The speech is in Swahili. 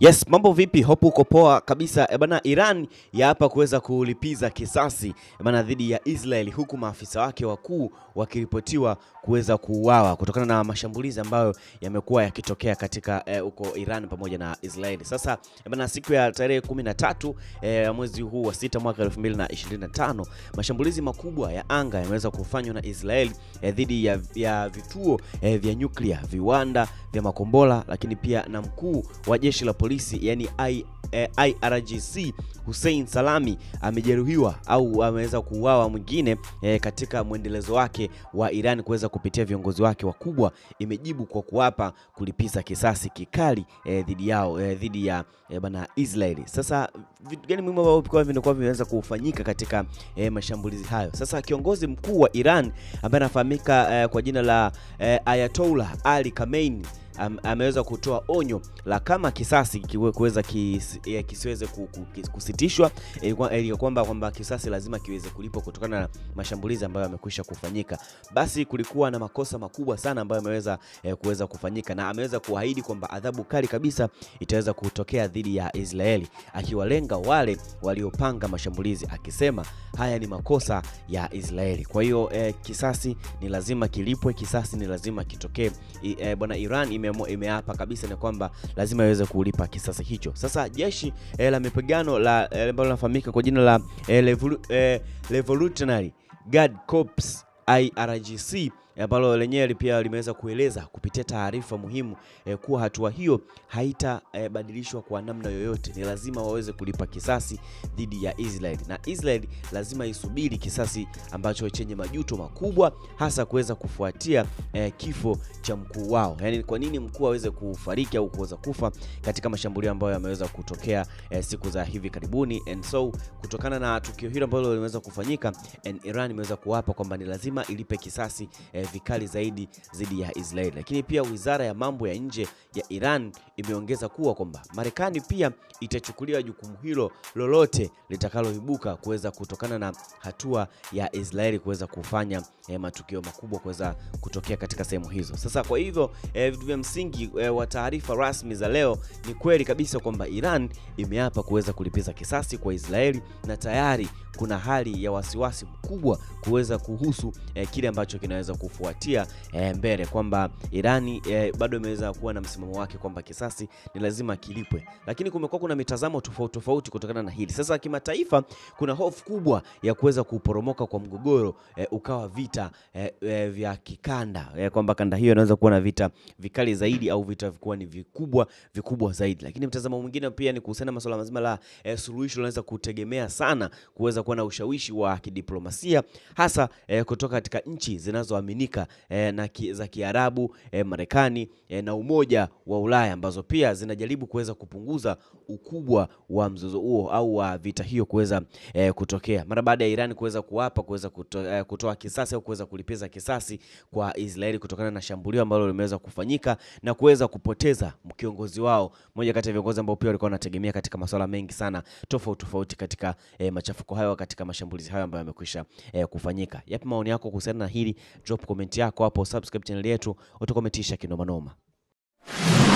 Yes, mambo vipi? Hope uko poa kabisa. E bana, Iran yaapa kuweza kulipiza kisasi e bana dhidi ya Israel huku maafisa wake wakuu wakiripotiwa kuweza kuuawa kutokana na mashambulizi ambayo yamekuwa yakitokea katika eh, huko e, Iran pamoja na Israel. Sasa e bana, siku ya tarehe 13 e, mwezi huu wa sita mwaka 2025 mashambulizi makubwa ya anga yameweza kufanywa na Israel e, dhidi ya, ya vituo e, vya nyuklia, viwanda vya makombola, lakini pia na mkuu wa jeshi la polisi yani I, eh, IRGC Hussein Salami amejeruhiwa au ameweza kuuawa mwingine eh, katika mwendelezo wake wa Iran kuweza kupitia viongozi wake wakubwa, imejibu kwa kuwapa kulipiza kisasi kikali eh, dhidi yao eh, dhidi ya eh, bana Israeli. Sasa vitu gani muhimu ambavyo vinakuwa vimeweza kufanyika katika eh, mashambulizi hayo? Sasa kiongozi mkuu wa Iran ambaye anafahamika eh, kwa jina la eh, Ayatollah Ali Khamenei ameweza kutoa onyo la kama kisasi kuweza eh, kis, kisiweze kusitishwa ili eh, eh, kwamba kwamba kisasi lazima kiweze kulipwa kutokana na mashambulizi ambayo yamekwisha kufanyika. Basi kulikuwa na makosa makubwa sana ambayo ameweza eh, kuweza kufanyika na ameweza kuahidi kwamba adhabu kali kabisa itaweza kutokea dhidi ya Israeli akiwalenga wale waliopanga mashambulizi akisema haya ni makosa ya Israeli. Kwa hiyo eh, kisasi ni lazima kilipwe, kisasi ni lazima kitokee. Eh, bwana Iran ime imeapa kabisa ni kwamba lazima iweze kulipa kisasi hicho. Sasa jeshi eh, la mapigano la eh, ambalo linafahamika kwa jina la eh, eh Revolutionary Guard Corps IRGC Eh, ambalo lenyewe pia limeweza kueleza kupitia taarifa muhimu e, kuwa hatua hiyo haitabadilishwa eh, badilishwa kwa namna yoyote. Ni lazima waweze kulipa kisasi dhidi ya Israel, na Israel lazima isubiri kisasi ambacho chenye majuto makubwa, hasa kuweza kufuatia e, kifo cha mkuu wao. Yani, kwa nini mkuu aweze kufariki au kuweza kufa katika mashambulio ambayo yameweza kutokea e, siku za hivi karibuni? And so kutokana na tukio hilo ambalo limeweza kufanyika, Iran imeweza kuwapa kwamba ni lazima ilipe kisasi e, Eh, vikali zaidi dhidi ya Israeli. Lakini pia wizara ya mambo ya nje ya Iran imeongeza kuwa kwamba Marekani pia itachukulia jukumu hilo lolote litakaloibuka kuweza kutokana na hatua ya Israeli kuweza kufanya eh, matukio makubwa kuweza kutokea katika sehemu hizo. Sasa kwa hivyo eh, vitu vya msingi eh, wa taarifa rasmi za leo ni kweli kabisa kwamba Iran imeapa kuweza kulipiza kisasi kwa Israeli na tayari kuna hali ya wasiwasi mkubwa kuweza kuhusu eh, kile ambacho kinaweza kufanya kufuatia e, mbele kwamba Irani e, bado imeweza kuwa na msimamo wake kwamba kisasi ni lazima kilipwe, lakini kumekuwa kuna mitazamo tofauti tofauti kutokana na hili. Sasa kimataifa kuna hofu kubwa ya kuweza kuporomoka kwa mgogoro e, ukawa vita e, e, vya kikanda e, kwamba kanda hiyo inaweza kuwa na vita vikali zaidi au vita vikuwa ni vikubwa vikubwa zaidi, lakini mtazamo mwingine pia ni kuhusiana na masuala mazima la e, suluhisho linaweza kutegemea sana kuweza kuwa na ushawishi wa kidiplomasia hasa e, kutoka katika nchi zinazoaminika nyika e, eh, na ki, za Kiarabu e, Marekani e, na Umoja wa Ulaya ambazo pia zinajaribu kuweza kupunguza ukubwa wa mzozo huo au wa vita hiyo kuweza e, kutokea mara baada ya Iran kuweza kuapa kuweza kuto, e, kutoa kisasi au kuweza kulipiza kisasi kwa Israeli kutokana na shambulio ambalo limeweza kufanyika na kuweza kupoteza kiongozi wao, moja kati ya viongozi ambao pia walikuwa wanategemea katika masuala mengi sana tofauti tofauti katika e, machafuko hayo katika mashambulizi hayo ambayo yamekwisha e, kufanyika. Yapi maoni yako kuhusiana na hili? Drop comment yako hapo, subscribe channel yetu, utakometisha kinoma noma.